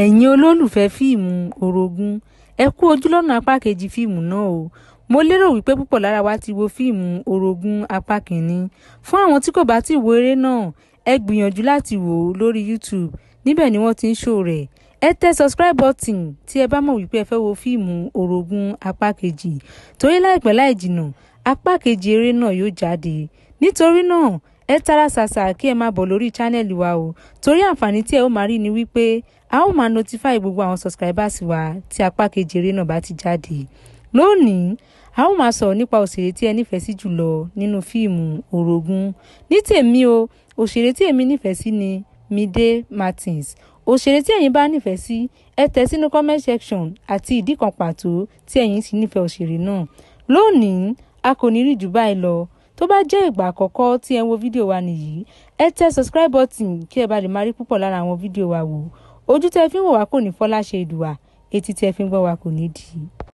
ẹ̀yin olólùfẹ́ fíìmù orogún ẹ kú ojúlọ́nà apá kejì fíìmù náà o mo lérò wípé púpọ̀ lára wa ti wo fíìmù orogún apá kìíní fún àwọn tí kò bá ti wo eré náà ẹ gbìyànjú láti wò ó lórí youtube níbẹ̀ ni wọ́n ti ń show rẹ̀ ẹ tẹ subscribe button tí ẹ bá mọ̀ wípé ẹ fẹ́ wo fíìmù orogún apá kejì torí láìpẹ́ láì jìnnà apá kejì eré náà yóò jáde nítorí náà ẹ tara ṣàṣà kí ẹ máa bọ̀ lórí chánẹ́ẹ̀lì wa o torí àǹfààní tí ẹ ó máa rí ni wípé a ó máa notify gbogbo àwọn subscribers wa tí apá kejì eré náà bá ti jáde lónìí a ó máa sọ̀rọ̀ nípa òṣèré tí ẹ nífẹ̀ẹ́ sí jùlọ nínú fíìmù orogún ní tèmi o òṣèré tí èmi nífẹ̀ẹ́ sí ni Mide Martins òṣèré tí ẹ̀yin bá nífẹ̀ẹ́ sí ẹ tẹ̀ sínú comment section àti ìdí kan pàtó tí ẹ̀yin ti nífẹ̀ẹ́ òṣèré náà lónìí a kò ní rí jù báyìí lọ tó bá jẹ́ ìgbà àkọ́kọ́ tí ẹ ń wo fídíò wa nìyí ẹ tẹ subscribe button kí ẹ bá lè máa rí púpọ̀ lára àwọn fídíò wa wò ojú tẹ fi ń wò wá kò ní fọ́ láṣẹ ìdùwà etí tẹ fi ń gbọ́ wa kò ní dì í.